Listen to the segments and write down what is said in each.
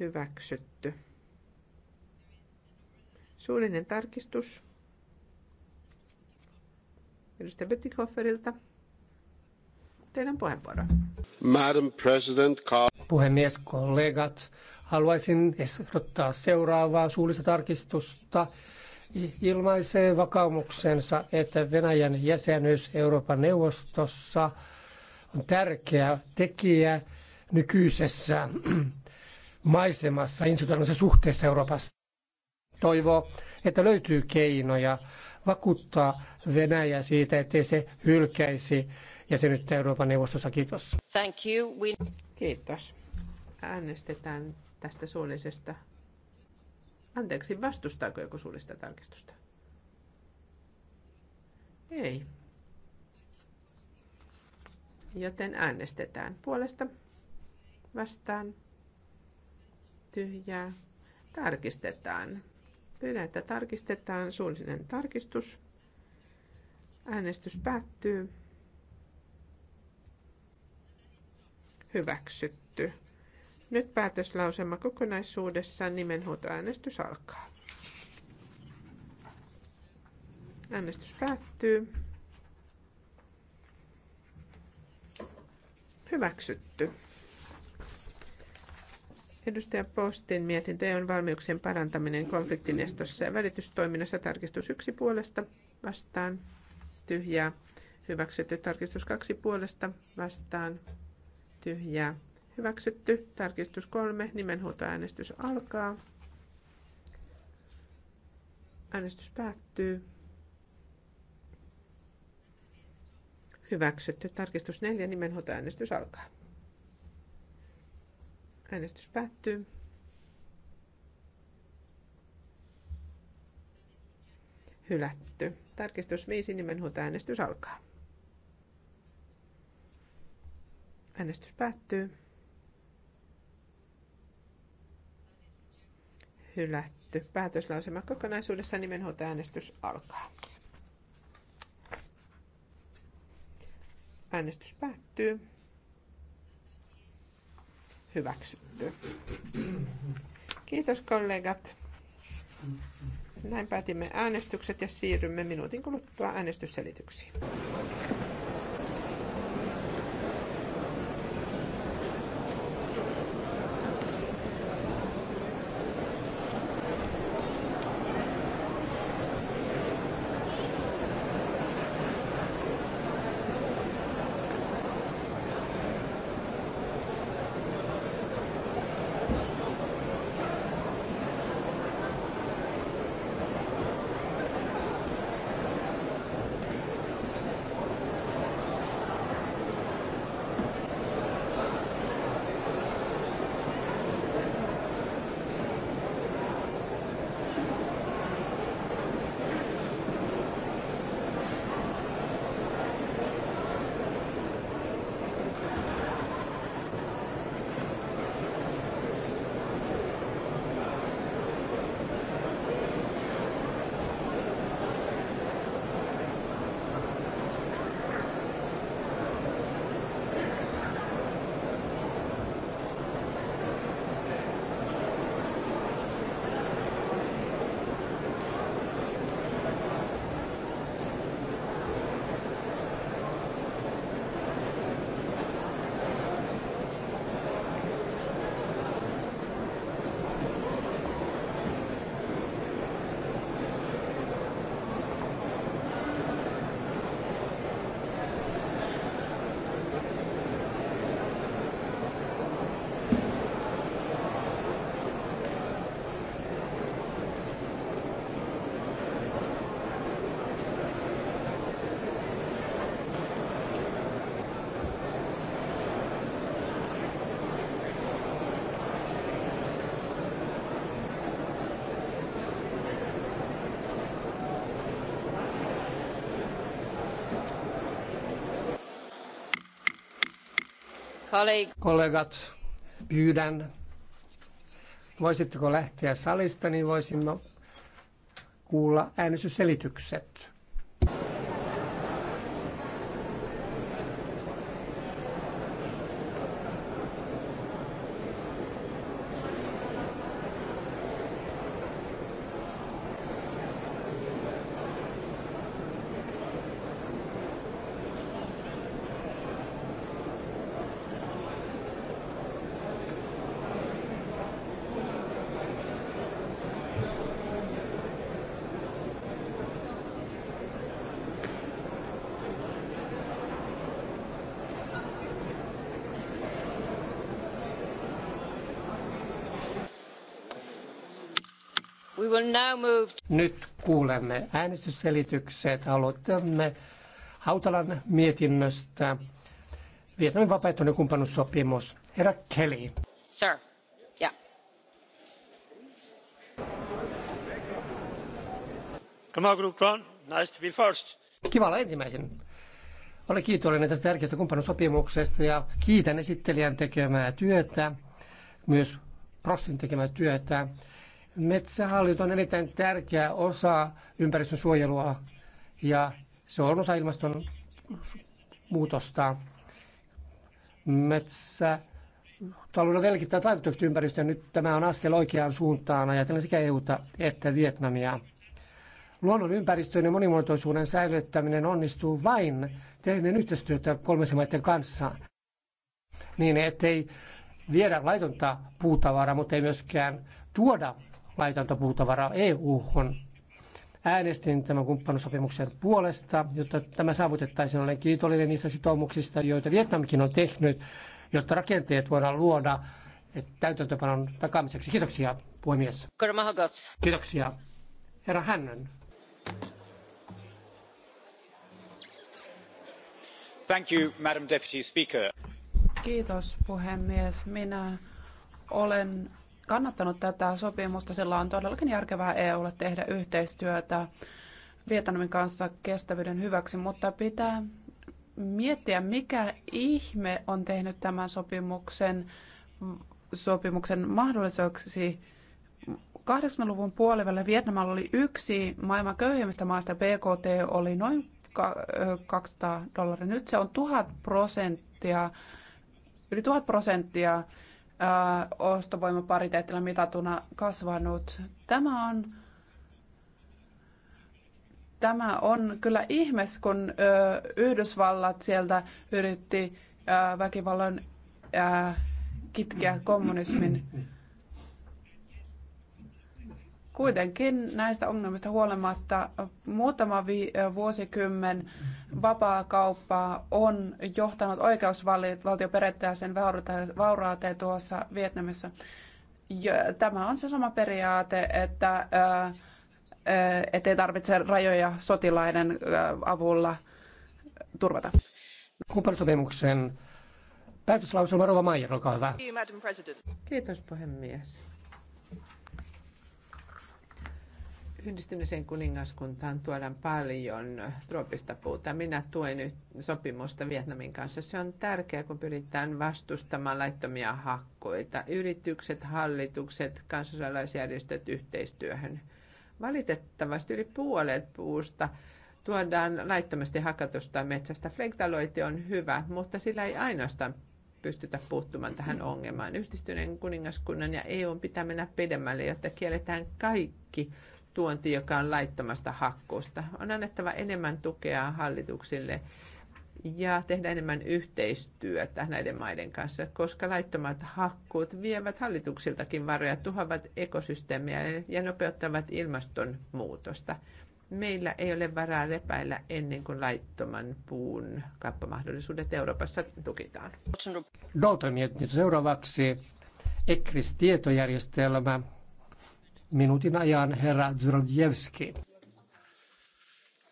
hyväksytty. Suullinen tarkistus. Edustaja Bettikofferilta. Teidän puheenvuoro. Madam President, Puhemies, kollegat, haluaisin ehdottaa seuraavaa suullista tarkistusta. Ilmaisee vakaumuksensa, että Venäjän jäsenyys Euroopan neuvostossa on tärkeä tekijä nykyisessä maisemassa institutionaalisessa suhteessa Euroopassa. Toivoo, että löytyy keinoja vakuuttaa Venäjä siitä, ettei se hylkäisi jäsenyyttä Euroopan neuvostossa. Kiitos. Thank you. We... Kiitos. Äänestetään tästä suullisesta. Anteeksi, vastustaako joku suullista tarkistusta? Ei. Joten äänestetään puolesta vastaan tyhjää. Tarkistetaan. Pyydän, että tarkistetaan suullinen tarkistus. Äänestys päättyy. Hyväksytty. Nyt päätöslausema kokonaisuudessaan nimenhuutoäänestys alkaa. Äänestys päättyy. Hyväksytty. Edustaja Postin mietintö on valmiuksien parantaminen konfliktinestossa ja välitystoiminnassa tarkistus yksi puolesta vastaan tyhjää. Hyväksytty tarkistus kaksi puolesta vastaan tyhjää. Hyväksytty tarkistus kolme. Nimenhuutoäänestys alkaa. Äänestys päättyy. Hyväksytty tarkistus neljä. Nimenhuutoäänestys alkaa. Äänestys päättyy. Hylätty. Tarkistus 5 nimenhuolta äänestys alkaa. Äänestys päättyy. Hylätty. Päätöslausema kokonaisuudessa nimenhuolta äänestys alkaa. Äänestys päättyy hyväksytty. Kiitos kollegat. Näin päätimme äänestykset ja siirrymme minuutin kuluttua äänestysselityksiin. Kollegat, pyydän, voisitteko lähteä salista, niin voisimme kuulla äänestysselitykset. Nyt kuulemme äänestysselitykset. Aloitamme Hautalan mietinnöstä. Vietnamin vapaaehtoinen kumppanuussopimus. Herra Kelly. Sir. Yeah. Come on, group one. Nice to be first. Kiva olla ensimmäisen. Olen kiitollinen tästä tärkeästä kumppanuussopimuksesta ja kiitän esittelijän tekemää työtä, myös Prostin tekemää työtä. Metsähallinto on erittäin tärkeä osa ympäristön suojelua ja se on osa ilmaston muutosta. Metsä talouden vaikutukset ympäristöön. Nyt tämä on askel oikeaan suuntaan ajatellen sekä EUta että Vietnamia. Luonnon ympäristön ja monimuotoisuuden säilyttäminen onnistuu vain tehden yhteistyötä kolmessa maiden kanssa, niin ettei viedä laitonta puutavaraa, mutta ei myöskään tuoda laitonta puutavaraa EU-hon. Äänestin tämän kumppanuussopimuksen puolesta, jotta tämä saavutettaisiin. Olen kiitollinen niistä sitoumuksista, joita Vietnamkin on tehnyt, jotta rakenteet voidaan luoda eh, täytäntöpanon takaamiseksi. Kiitoksia, puhemies. Kiitoksia. Herra Hännön. Thank you, Madam Deputy Speaker. Kiitos puhemies. Minä olen kannattanut tätä sopimusta. Sillä on todellakin järkevää EUlle tehdä yhteistyötä Vietnamin kanssa kestävyyden hyväksi, mutta pitää miettiä, mikä ihme on tehnyt tämän sopimuksen, sopimuksen mahdolliseksi 80-luvun puolivälillä Vietnamalla oli yksi maailman köyhimmistä maista, BKT oli noin 200 dollaria. Nyt se on 1000 prosenttia, yli 1000 prosenttia ostovoimapariteetilla mitatuna kasvanut. Tämä on, tämä on kyllä ihmes, kun Yhdysvallat sieltä yritti väkivallan kitkeä kommunismin. Kuitenkin näistä ongelmista huolimatta muutama vi- vuosikymmen vapaa kauppa on johtanut oikeusvaltioperiaatteeseen vauraateen tuossa Vietnamissa. Ja tämä on se sama periaate, että ei tarvitse rajoja sotilaiden avulla turvata. Kumppanisopimuksen päätöslauselma Rova Maijer, olkaa hyvä. Kiitos puhemies. Yhdistyneeseen kuningaskuntaan tuodaan paljon tropista puuta. Minä tuen sopimusta Vietnamin kanssa. Se on tärkeää, kun pyritään vastustamaan laittomia hakkoita. Yritykset, hallitukset, kansalaisjärjestöt yhteistyöhön. Valitettavasti yli puolet puusta tuodaan laittomasti hakatusta metsästä. Flektaloite on hyvä, mutta sillä ei ainoastaan pystytä puuttumaan tähän ongelmaan. Yhdistyneen kuningaskunnan ja EUn pitää mennä pidemmälle, jotta kielletään kaikki tuonti, joka on laittomasta hakkuusta. On annettava enemmän tukea hallituksille ja tehdä enemmän yhteistyötä näiden maiden kanssa, koska laittomat hakkuut vievät hallituksiltakin varoja, tuhoavat ekosysteemiä ja nopeuttavat ilmastonmuutosta. Meillä ei ole varaa lepäillä ennen kuin laittoman puun kappamahdollisuudet Euroopassa tukitaan. Dalton, seuraavaksi ECRIS-tietojärjestelmä minuutin ajan herra Zdrojewski.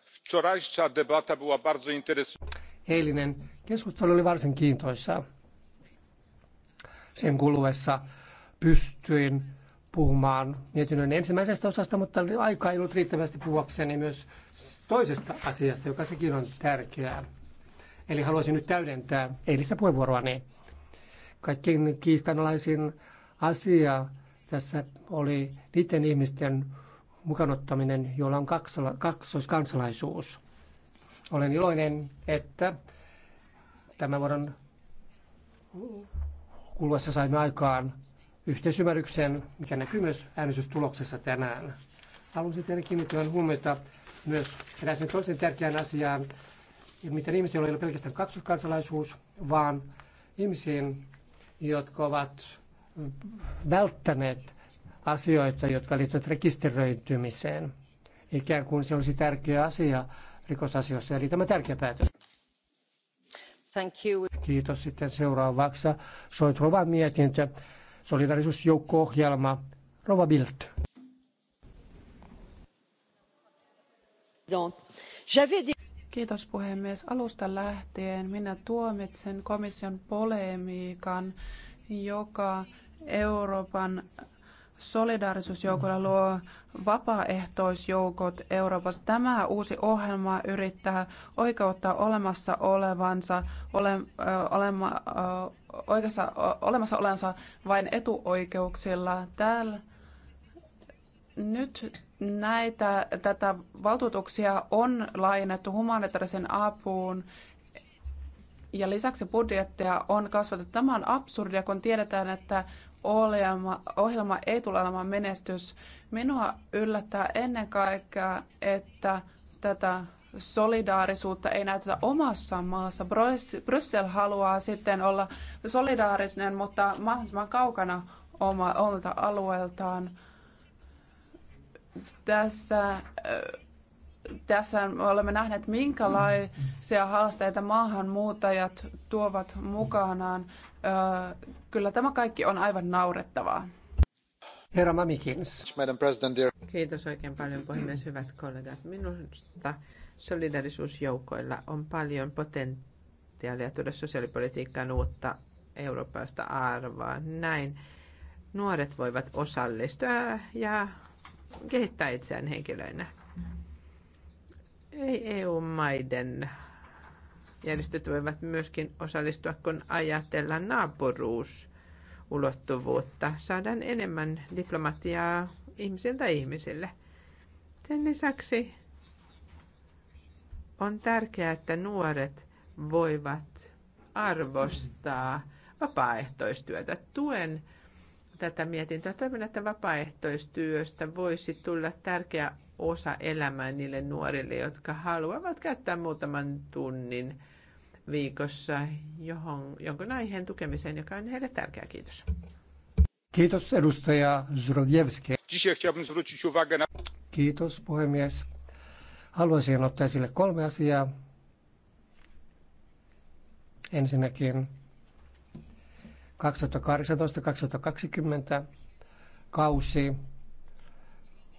Wczorajsza debata była bardzo interesująca. Eilinen keskustelu oli varsin kiintoisaa. Sen kuluessa pystyin puhumaan mietinnön ensimmäisestä osasta, mutta aikaa ei ollut riittävästi puhuakseni myös toisesta asiasta, joka sekin on tärkeää. Eli haluaisin nyt täydentää eilistä puheenvuoroani. Kaikkein kiistanalaisin asia tässä oli niiden ihmisten mukanottaminen, joilla on kaksoiskansalaisuus. Olen iloinen, että tämän vuoden kuluessa saimme aikaan yhteisymmärryksen, mikä näkyy myös äänestystuloksessa tänään. Haluaisin teille kiinnittää huomiota myös eräisen toisen tärkeän asiaan, miten ihmisillä ei ole pelkästään kaksoiskansalaisuus, vaan ihmisiin, jotka ovat välttäneet asioita, jotka liittyvät rekisteröitymiseen. Ikään kuin se olisi tärkeä asia rikosasioissa, eli tämä tärkeä päätös. Thank you. Kiitos. Sitten seuraavaksi Rova mietintö, solidarisuusjoukko-ohjelma, Rova Bildt. Kiitos puhemies. Alusta lähtien minä tuomitsen komission polemiikan, joka Euroopan solidaarisuusjoukolla luo vapaaehtoisjoukot Euroopassa. Tämä uusi ohjelma yrittää oikeuttaa olemassa olevansa, ole, olema, oikeassa, olemassa olevansa vain etuoikeuksilla. Täällä nyt näitä, tätä valtuutuksia on laajennettu humanitaarisen apuun ja lisäksi budjettia on kasvatettu. Tämä on absurdia, kun tiedetään, että ohjelma, ohjelma ei tule olemaan menestys. Minua yllättää ennen kaikkea, että tätä solidaarisuutta ei näytetä omassa maassa. Bryssel haluaa sitten olla solidaarinen, mutta mahdollisimman kaukana oma, omalta alueeltaan. Tässä, äh, tässä olemme nähneet, minkälaisia haasteita maahanmuuttajat tuovat mukanaan äh, Kyllä tämä kaikki on aivan naurettavaa. Herra Mamikins. Kiitos oikein paljon puhemies, hyvät kollegat. Minusta solidarisuusjoukoilla on paljon potentiaalia tuoda sosiaalipolitiikkaan uutta eurooppalaista arvoa. Näin nuoret voivat osallistua ja kehittää itseään henkilöinä. Ei EU-maiden järjestöt voivat myöskin osallistua, kun ajatellaan naapuruusulottuvuutta. Saadaan enemmän diplomatiaa ihmisiltä ihmisille. Sen lisäksi on tärkeää, että nuoret voivat arvostaa vapaaehtoistyötä. Tuen tätä mietintöä. Toivon, että vapaaehtoistyöstä voisi tulla tärkeä osa elämää niille nuorille, jotka haluavat käyttää muutaman tunnin viikossa johon, jonkun aiheen tukemiseen, joka on heille tärkeä. Kiitos. Kiitos edustaja Zrovievski. Kiitos puhemies. Haluaisin ottaa esille kolme asiaa. Ensinnäkin 2018-2020 kausi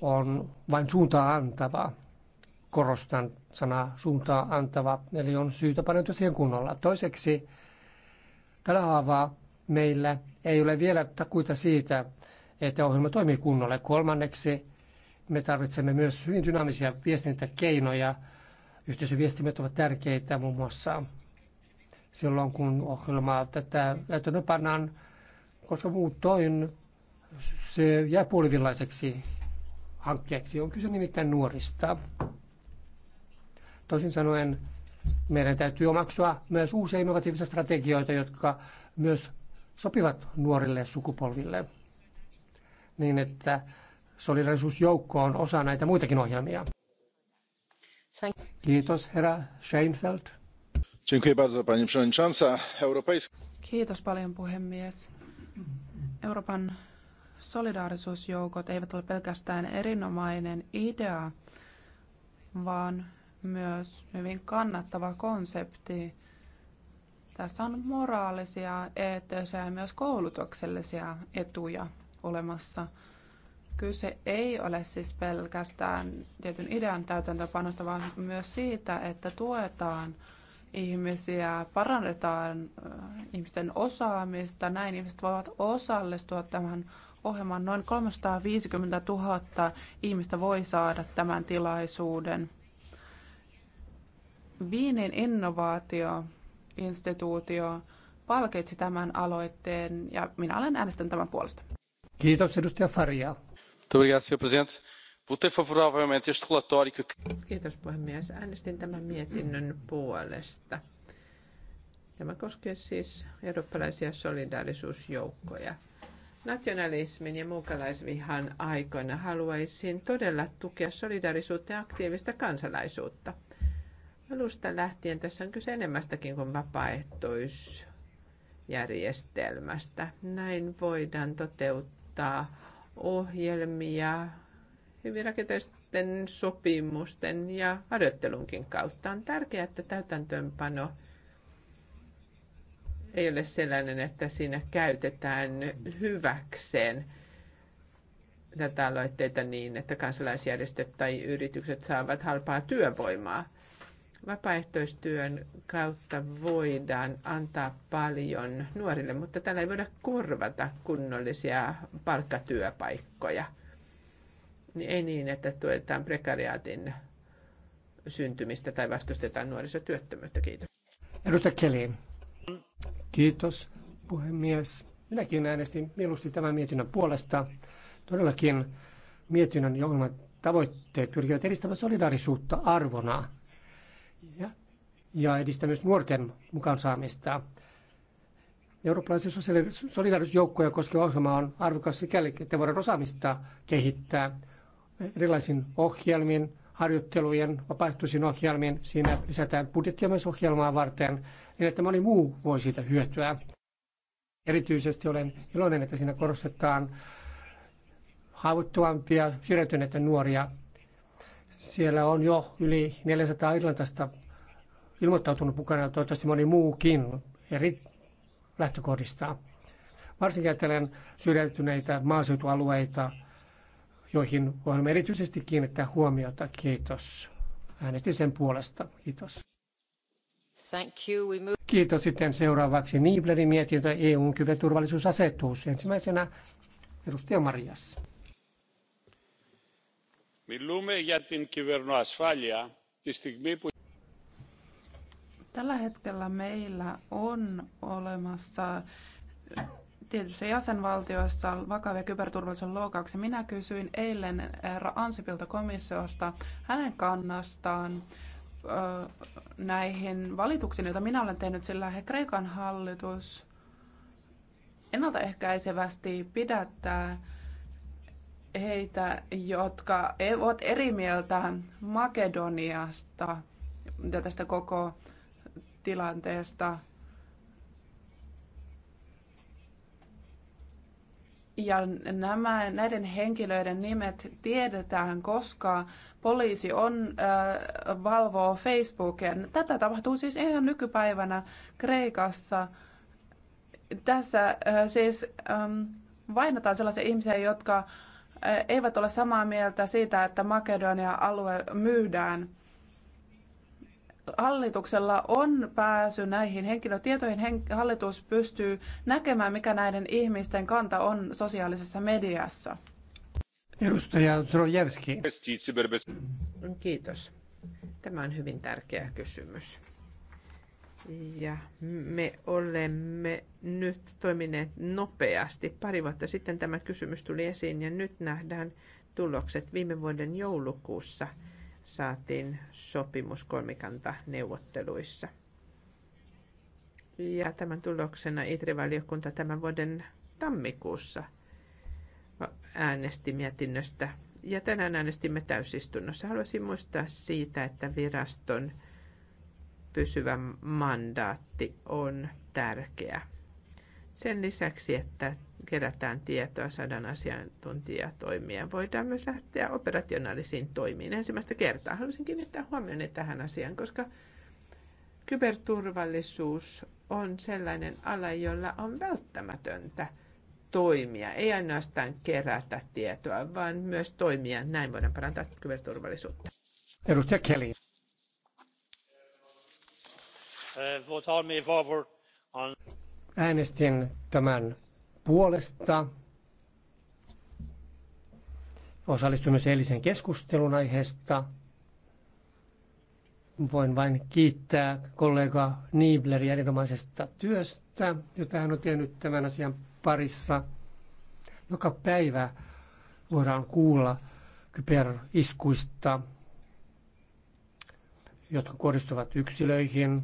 on vain suuntaa antava. Korostan sanaa suuntaa antava, eli on syytä paneutua siihen kunnolla. Toiseksi tällä haavaa meillä ei ole vielä takuita siitä, että ohjelma toimii kunnolla. Kolmanneksi me tarvitsemme myös hyvin dynaamisia viestintäkeinoja. Yhteisöviestimet ovat tärkeitä muun muassa silloin, kun ohjelmaa tätä täytäntöön pannaan, koska muutoin se jää puolivillaiseksi hankkeeksi. On kyse nimittäin nuorista. Toisin sanoen meidän täytyy omaksua myös uusia innovatiivisia strategioita, jotka myös sopivat nuorille sukupolville, niin että solidarisuusjoukko on osa näitä muitakin ohjelmia. Kiitos, herra Scheinfeld. Kiitos paljon, puhemies. Euroopan solidaarisuusjoukot eivät ole pelkästään erinomainen idea, vaan myös hyvin kannattava konsepti. Tässä on moraalisia, eettisiä ja myös koulutuksellisia etuja olemassa. Kyse ei ole siis pelkästään tietyn idean täytäntöpanosta, vaan myös siitä, että tuetaan ihmisiä, parannetaan äh, ihmisten osaamista. Näin ihmiset voivat osallistua tämän ohjelman. Noin 350 000 ihmistä voi saada tämän tilaisuuden. Viinin innovaatioinstituutio palkitsi tämän aloitteen ja minä olen äänestänyt tämän puolesta. Kiitos edustaja Faria. Kiitos puhemies. Äänestin tämän mietinnön puolesta. Tämä koskee siis eurooppalaisia solidaarisuusjoukkoja nationalismin ja muukalaisvihan aikoina haluaisin todella tukea solidaarisuutta ja aktiivista kansalaisuutta. Alusta lähtien tässä on kyse enemmästäkin kuin vapaaehtoisjärjestelmästä. Näin voidaan toteuttaa ohjelmia hyvin rakenteisten sopimusten ja harjoittelunkin kautta. On tärkeää, että täytäntöönpano – ei ole sellainen, että siinä käytetään hyväkseen tätä aloitteita niin, että kansalaisjärjestöt tai yritykset saavat halpaa työvoimaa. Vapaaehtoistyön kautta voidaan antaa paljon nuorille, mutta tällä ei voida korvata kunnollisia palkkatyöpaikkoja. Niin ei niin, että tuetaan prekariaatin syntymistä tai vastustetaan nuorisotyöttömyyttä. Kiitos. Edustaja Kelly. Kiitos, puhemies. Minäkin äänestin mieluusti tämän mietinnön puolesta. Todellakin mietinnön johon tavoitteet pyrkivät edistämään solidaarisuutta arvona ja, ja edistämään myös nuorten mukaan saamista. Eurooppalaisen sosiaali- solidaarisuusjoukkoja koskeva ohjelma on arvokas sikäli, että voidaan osaamista kehittää erilaisin ohjelmin, harjoittelujen vapaaehtoisiin ohjelmiin. Siinä lisätään budjettia myös ohjelmaa varten, niin että moni muu voi siitä hyötyä. Erityisesti olen iloinen, että siinä korostetaan haavoittuvampia, syrjäytyneitä nuoria. Siellä on jo yli 400 Irlantasta ilmoittautunut mukana ja toivottavasti moni muukin eri lähtökohdista. Varsinkin ajattelen syrjäytyneitä maaseutualueita, joihin voimme erityisesti kiinnittää huomiota. Kiitos. Äänestin sen puolesta. Kiitos. Thank you. We move... Kiitos. Sitten seuraavaksi Niiblerin mietintö EUn kyberturvallisuusasetus. Ensimmäisenä edustaja Marias. Μιλούμε για την κυβερνοασφάλεια Tällä hetkellä meillä on olemassa tietyissä jäsenvaltioissa vakavia kyberturvallisuuden loukauksia. Minä kysyin eilen herra eh, Ansipilta komissiosta hänen kannastaan näihin valituksiin, joita minä olen tehnyt, sillä he Kreikan hallitus ennaltaehkäisevästi pidättää heitä, jotka e- ovat eri mieltä Makedoniasta ja tästä koko tilanteesta. ja nämä, näiden henkilöiden nimet tiedetään, koska poliisi on, äh, valvoo Facebookia. Tätä tapahtuu siis ihan nykypäivänä Kreikassa. Tässä äh, siis ähm, vainotaan sellaisia ihmisiä, jotka äh, eivät ole samaa mieltä siitä, että Makedonia alue myydään hallituksella on pääsy näihin henkilötietoihin. Hallitus pystyy näkemään, mikä näiden ihmisten kanta on sosiaalisessa mediassa. Edustaja Zrojevski. Kiitos. Tämä on hyvin tärkeä kysymys. Ja me olemme nyt toimineet nopeasti. Pari vuotta sitten tämä kysymys tuli esiin ja nyt nähdään tulokset viime vuoden joulukuussa – saatiin sopimus kolmikanta neuvotteluissa. Ja tämän tuloksena ITRI-valiokunta tämän vuoden tammikuussa äänesti mietinnöstä. Ja tänään äänestimme täysistunnossa. Haluaisin muistaa siitä, että viraston pysyvä mandaatti on tärkeä. Sen lisäksi, että kerätään tietoa, sadan asiantuntijatoimia. Voidaan myös lähteä operationaalisiin toimiin. Ensimmäistä kertaa haluaisin kiinnittää huomioon tähän asiaan, koska kyberturvallisuus on sellainen ala, jolla on välttämätöntä toimia. Ei ainoastaan kerätä tietoa, vaan myös toimia. Näin voidaan parantaa kyberturvallisuutta. Edustaja Kelly. Eh, Äänestin tämän puolesta. Osallistui myös keskustelun aiheesta. Voin vain kiittää kollega Niebleria erinomaisesta työstä, jota hän on tehnyt tämän asian parissa. Joka päivä voidaan kuulla kyberiskuista, jotka kohdistuvat yksilöihin,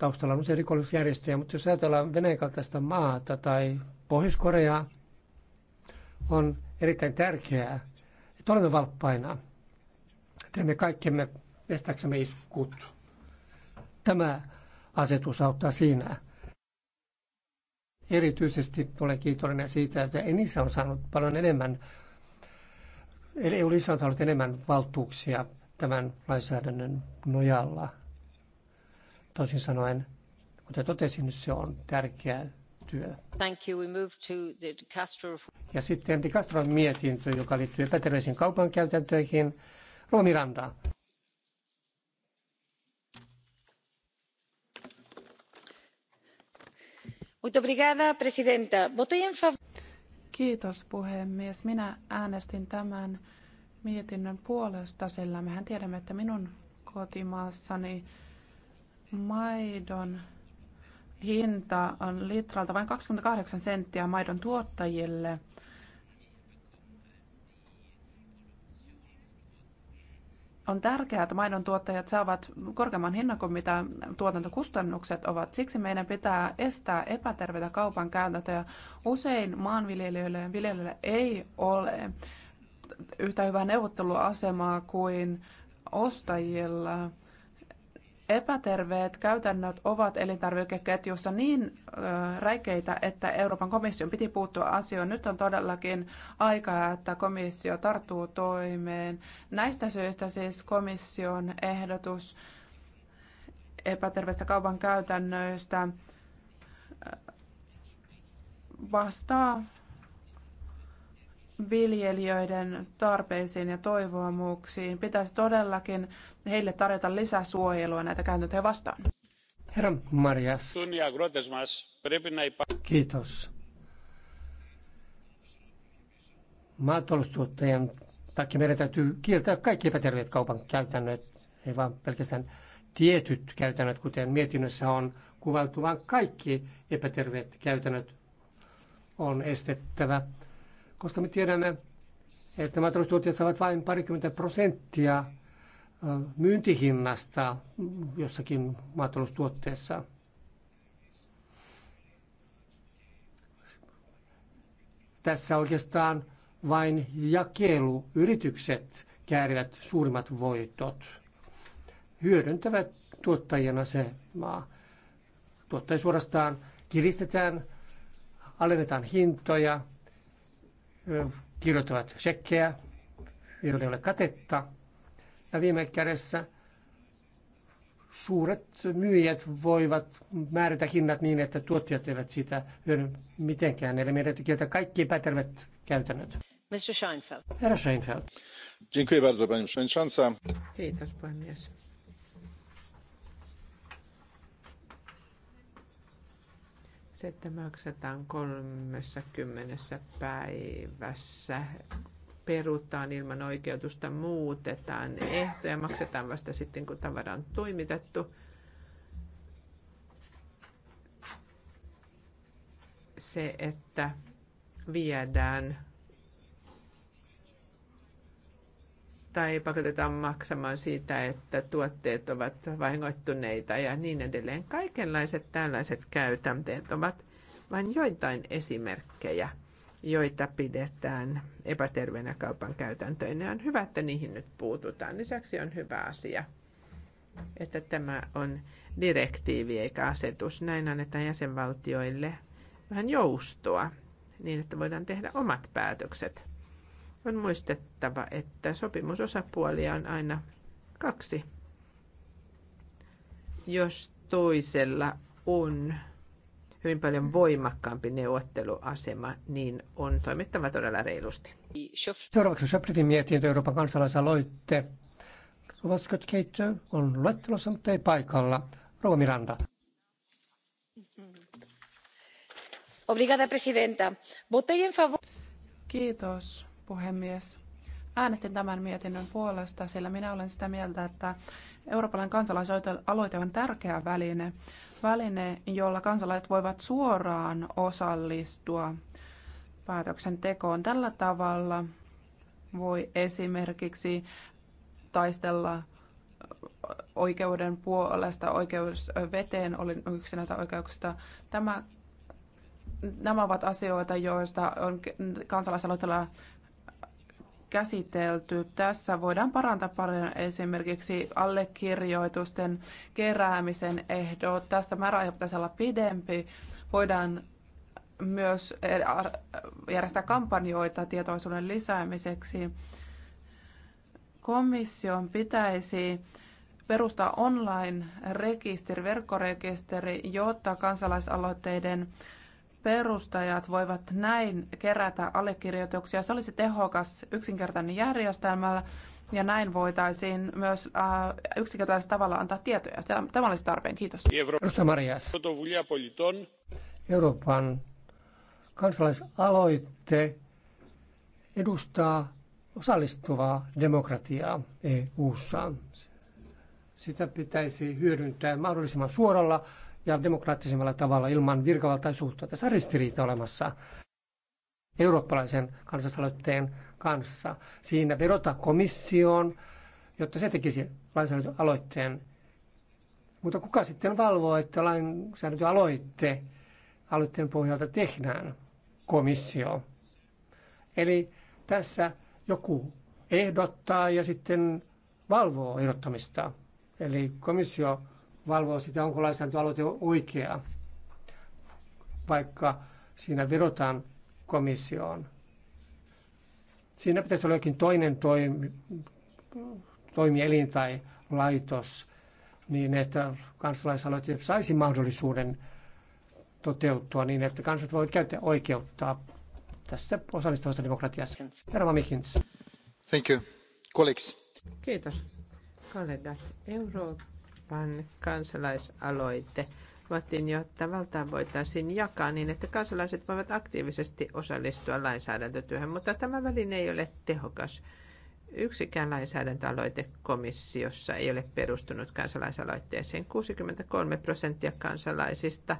taustalla on usein rikollisjärjestöjä, mutta jos ajatellaan Venäjän kaltaista maata tai Pohjois-Koreaa, on erittäin tärkeää, että olemme valppaina. Teemme kaikkemme estäksemme iskut. Tämä asetus auttaa siinä. Erityisesti olen kiitollinen siitä, että Enisa on saanut paljon enemmän, eli EU-lisä on saanut enemmän valtuuksia tämän lainsäädännön nojalla – Toisin sanoen, kuten totesin, se on tärkeä työ. Thank you. We move to the Castro. Ja sitten De Castron mietintö, joka liittyy epäterveisiin kaupankäytäntöihin. Romi Randa. Kiitos puhemies. Minä äänestin tämän mietinnön puolesta, sillä mehän tiedämme, että minun kotimaassani Maidon hinta on litralta vain 28 senttiä maidon tuottajille. On tärkeää, että maidon tuottajat saavat korkeamman hinnan kuin mitä tuotantokustannukset ovat. Siksi meidän pitää estää epäterveitä kaupan käytäntöjä. Usein maanviljelijöille ja viljelijöille ei ole yhtä hyvää neuvotteluasemaa kuin ostajilla Epäterveet käytännöt ovat elintarvikeketjussa niin räikeitä, että Euroopan komission piti puuttua asioon. Nyt on todellakin aika, että komissio tarttuu toimeen. Näistä syistä siis komission ehdotus epäterveistä kaupan käytännöistä vastaa viljelijöiden tarpeisiin ja toivomuksiin. Pitäisi todellakin heille tarjota lisäsuojelua näitä käytäntöjä vastaan. Herra Marias. Kiitos. Maataloustuottajan takia meidän täytyy kieltää kaikki epäterveet kaupan käytännöt, ei vaan pelkästään tietyt käytännöt, kuten mietinnössä on kuvailtu, vaan kaikki epäterveet käytännöt on estettävä koska me tiedämme, että maataloustuottajat saavat vain parikymmentä prosenttia myyntihinnasta jossakin maataloustuotteessa. Tässä oikeastaan vain jakeluyritykset käärivät suurimmat voitot, hyödyntävät tuottajien asemaa. Tuottaja suorastaan kiristetään, alennetaan hintoja – kirjoittavat sekkejä, joilla ei ole katetta. Ja viime kädessä suuret myyjät voivat määrätä hinnat niin, että tuottajat eivät siitä hyödy mitenkään. Eli meidän täytyy kieltää kaikki pätevät käytännöt. Mr. Scheinfeld. Herra Scheinfeld. Kiitos, puhemies. se, että maksetaan 30 päivässä, perutaan ilman oikeutusta, muutetaan ehtoja, maksetaan vasta sitten, kun tavara on toimitettu. Se, että viedään tai pakotetaan maksamaan siitä, että tuotteet ovat vahingoittuneita ja niin edelleen. Kaikenlaiset tällaiset käytänteet ovat vain joitain esimerkkejä, joita pidetään epäterveenä kaupan käytäntöinä. On hyvä, että niihin nyt puututaan. Lisäksi on hyvä asia, että tämä on direktiivi eikä asetus. Näin annetaan jäsenvaltioille vähän joustoa niin, että voidaan tehdä omat päätökset on muistettava, että sopimusosapuolia on aina kaksi. Jos toisella on hyvin paljon voimakkaampi neuvotteluasema, niin on toimittava todella reilusti. Seuraavaksi Schöpritin mietintö Euroopan kansalaisaloitte. Rova Scott on luettelossa, mutta ei paikalla. Rova Miranda. Obrigada, presidenta. Votei en favor... Kiitos, puhemies. Äänestin tämän mietinnön puolesta, sillä minä olen sitä mieltä, että Euroopan kansalaisaloite on tärkeä väline, väline, jolla kansalaiset voivat suoraan osallistua päätöksentekoon. Tällä tavalla voi esimerkiksi taistella oikeuden puolesta, oikeus veteen oli yksi näitä oikeuksista. Tämä, nämä ovat asioita, joista on kansalaisaloitteella käsitelty. Tässä voidaan parantaa paljon esimerkiksi allekirjoitusten keräämisen ehdot. Tässä määräaika pitäisi olla pidempi. Voidaan myös eh, järjestää kampanjoita tietoisuuden lisäämiseksi. Komission pitäisi perustaa online-rekisteri, verkkorekisteri, jotta kansalaisaloitteiden perustajat voivat näin kerätä allekirjoituksia. Se olisi tehokas, yksinkertainen järjestelmä ja näin voitaisiin myös äh, yksinkertaisella tavalla antaa tietoja. Tämä olisi tarpeen. Kiitos. Euroopan kansalaisaloitte edustaa osallistuvaa demokratiaa EU-ssa. Sitä pitäisi hyödyntää mahdollisimman suoralla ja demokraattisemmalla tavalla ilman virkavaltaisuutta. Tässä on ristiriita olemassa eurooppalaisen kansalaisaloitteen kanssa. Siinä vedota komissioon, jotta se tekisi lainsäädäntöaloitteen. Mutta kuka sitten valvoo, että lainsäädäntöaloitte aloitteen pohjalta tehdään? Komissio. Eli tässä joku ehdottaa ja sitten valvoo ehdottamista. Eli komissio valvoa sitä, onko lainsäädäntöaloite oikea, vaikka siinä vedotaan komissioon. Siinä pitäisi olla jokin toinen toimi, toimielin tai laitos, niin että kansalaisaloite saisi mahdollisuuden toteutua niin, että kansat voivat käyttää oikeuttaa tässä osallistavassa demokratiassa. Herra Mikins. Thank you. Colleagues. Kiitos. Kollegat, Eurooppa Euroopan kansalaisaloite jo, jotta valtaa voitaisiin jakaa niin, että kansalaiset voivat aktiivisesti osallistua lainsäädäntötyöhön, mutta tämä väline ei ole tehokas. Yksikään lainsäädäntöaloite komissiossa ei ole perustunut kansalaisaloitteeseen. 63 prosenttia kansalaisista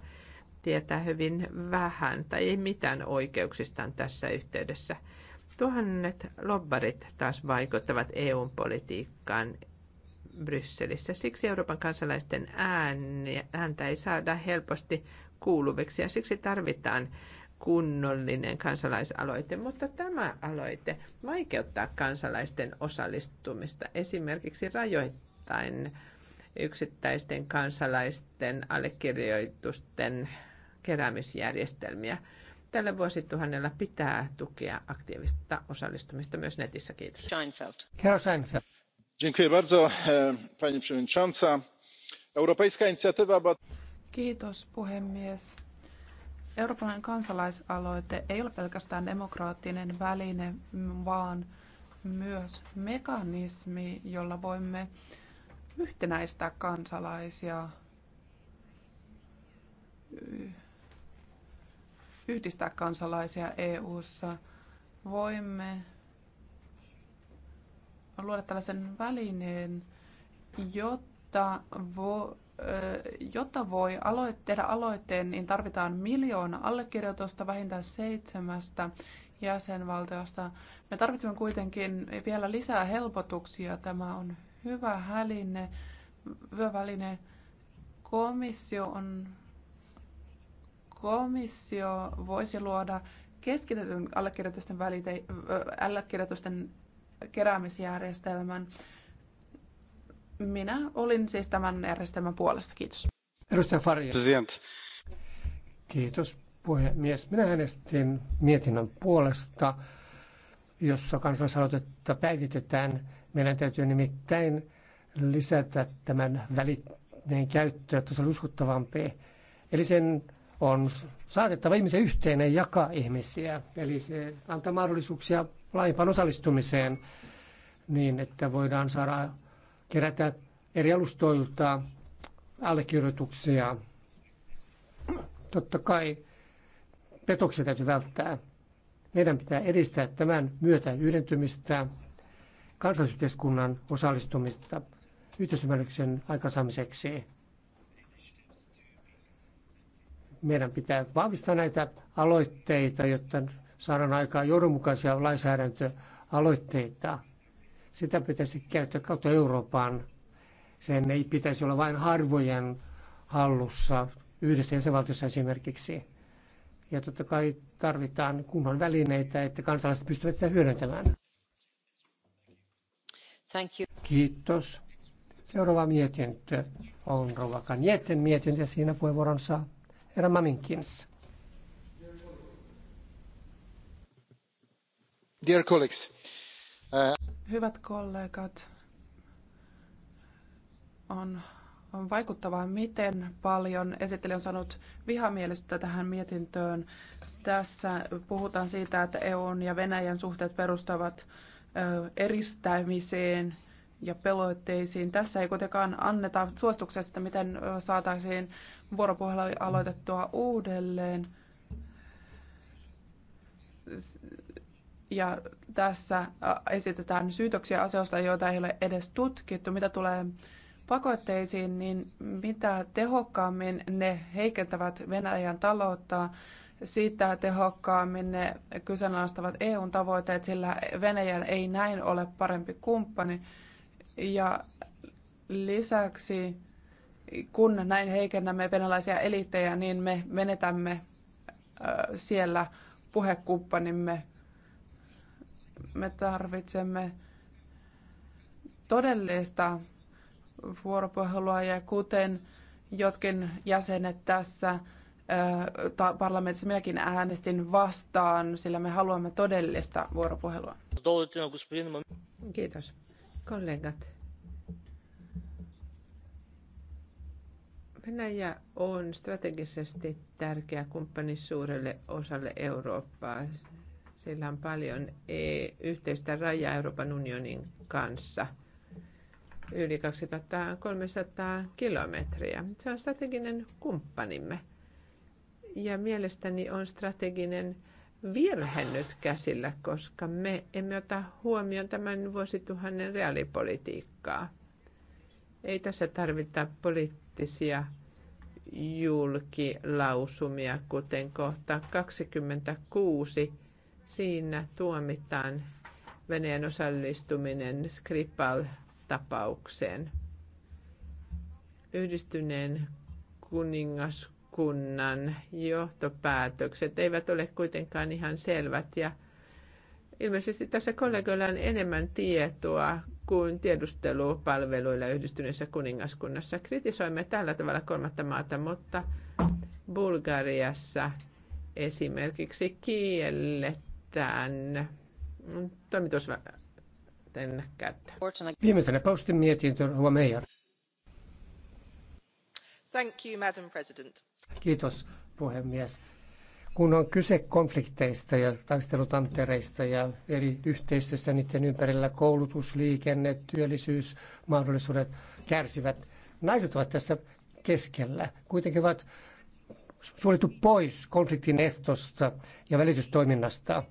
tietää hyvin vähän tai ei mitään oikeuksistaan tässä yhteydessä. Tuhannet lobbarit taas vaikuttavat EUn politiikkaan Brysselissä. Siksi Euroopan kansalaisten ääntä ei saada helposti kuuluviksi ja siksi tarvitaan kunnollinen kansalaisaloite, mutta tämä aloite vaikeuttaa kansalaisten osallistumista esimerkiksi rajoittain yksittäisten kansalaisten allekirjoitusten keräämisjärjestelmiä. Tällä vuosituhannella pitää tukea aktiivista osallistumista myös netissä. Kiitos. Seinfeld. Herra Seinfeld. E, pani przewodnicząca! europejska inicjatywa. puhemies kansalaisaloite ei ole pelkästään demokraattinen väline vaan myös mekanismi jolla voimme yhtenäistää kansalaisia yhdistää kansalaisia EU:ssa, voimme luoda tällaisen välineen, jotta, vo, jotta voi aloit, tehdä aloitteen, niin tarvitaan miljoona allekirjoitusta vähintään seitsemästä jäsenvaltiosta. Me tarvitsemme kuitenkin vielä lisää helpotuksia. Tämä on hyvä häline, hyvä väline. Komissio on komissio voisi luoda keskitetyn allekirjoitusten, välite, allekirjoitusten keräämisjärjestelmän. Minä olin siis tämän järjestelmän puolesta. Kiitos. Edustaja Faria. Kiitos puhemies. Minä äänestin mietinnön puolesta, jossa kansalaisaloitetta päivitetään. Meidän täytyy nimittäin lisätä tämän välineen käyttöä, että se on uskottavampi. Eli sen on saatettava ihmisen yhteen ja jakaa ihmisiä. Eli se antaa mahdollisuuksia laajempaan osallistumiseen niin, että voidaan saada kerätä eri alustoilta allekirjoituksia. Totta kai petoksia täytyy välttää. Meidän pitää edistää tämän myötä yhdentymistä, kansallisyhteiskunnan osallistumista yhteisymmärryksen aikaansaamiseksi. Meidän pitää vahvistaa näitä aloitteita, jotta saadaan aikaan johdonmukaisia lainsäädäntöaloitteita. Sitä pitäisi käyttää kautta Euroopan. Sen ei pitäisi olla vain harvojen hallussa, yhdessä jäsenvaltiossa esimerkiksi. Ja totta kai tarvitaan kunnon välineitä, että kansalaiset pystyvät sitä hyödyntämään. Thank you. Kiitos. Seuraava mietintö on Rovakanieten mietintö ja siinä puheenvuoronsa herra Maminkins. Uh, Hyvät kollegat, on, vaikuttavaa, miten paljon esittelijä on saanut vihamielisyyttä tähän mietintöön. Tässä puhutaan siitä, että EUn ja Venäjän suhteet perustavat eristämiseen ja pelotteisiin. Tässä ei kuitenkaan anneta suostuksesta, miten saataisiin vuoropuhelu aloitettua uudelleen ja tässä esitetään syytöksiä asioista, joita ei ole edes tutkittu. Mitä tulee pakotteisiin, niin mitä tehokkaammin ne heikentävät Venäjän taloutta, sitä tehokkaammin ne kyseenalaistavat EUn tavoitteet, sillä Venäjän ei näin ole parempi kumppani. Ja lisäksi, kun näin heikennämme venäläisiä eliittejä, niin me menetämme siellä puhekumppanimme me tarvitsemme todellista vuoropuhelua ja kuten jotkin jäsenet tässä parlamentissa minäkin äänestin vastaan, sillä me haluamme todellista vuoropuhelua. Kiitos. Kollegat. Venäjä on strategisesti tärkeä kumppani suurelle osalle Eurooppaa. Sillä on paljon eh, yhteistä rajaa Euroopan unionin kanssa, yli 2300 kilometriä. Se on strateginen kumppanimme. Ja mielestäni on strateginen virhe nyt käsillä, koska me emme ota huomioon tämän vuosituhannen reaalipolitiikkaa. Ei tässä tarvita poliittisia julkilausumia, kuten kohta 26 Siinä tuomitaan Venäjän osallistuminen Skripal-tapaukseen. Yhdistyneen kuningaskunnan johtopäätökset eivät ole kuitenkaan ihan selvät ja ilmeisesti tässä kollegoilla on enemmän tietoa kuin tiedustelupalveluilla yhdistyneessä kuningaskunnassa. Kritisoimme tällä tavalla kolmatta maata, mutta Bulgariassa esimerkiksi kiellet tosiaan toimitusväten käyttää. Viimeisenä postin mietintö on Meijer. Thank you, Madam President. Kiitos puhemies. Kun on kyse konflikteista ja taistelutantereista ja eri yhteistyöstä niiden ympärillä, koulutus, liikenne, työllisyys, mahdollisuudet kärsivät. Naiset ovat tässä keskellä. Kuitenkin ovat suljettu pois konfliktin estosta ja välitystoiminnasta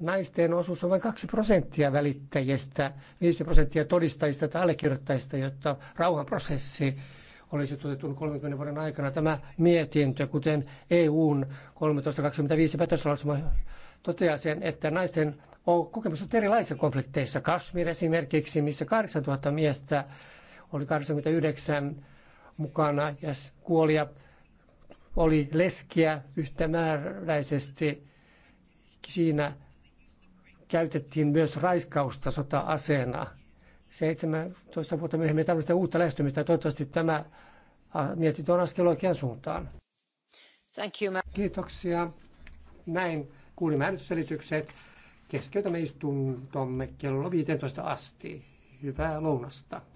naisten osuus on vain 2 prosenttia välittäjistä, 5 prosenttia todistajista tai allekirjoittajista, jotta rauhanprosessi olisi toteutunut 30 vuoden aikana. Tämä mietintö, kuten EUn 1325 päätöslausuma toteaa sen, että naisten on kokemus erilaisissa konflikteissa. Kashmir esimerkiksi, missä 8000 miestä oli 89 mukana ja kuoli oli leskiä määräisesti siinä käytettiin myös raiskausta sota-aseena. 17 vuotta myöhemmin tarvitaan uutta lähestymistä ja toivottavasti tämä mietintö on askel oikeaan suuntaan. Thank you, Kiitoksia. Näin kuulimme äänestyselitykset. Keskeytämme istuntomme kello 15 asti. Hyvää lounasta.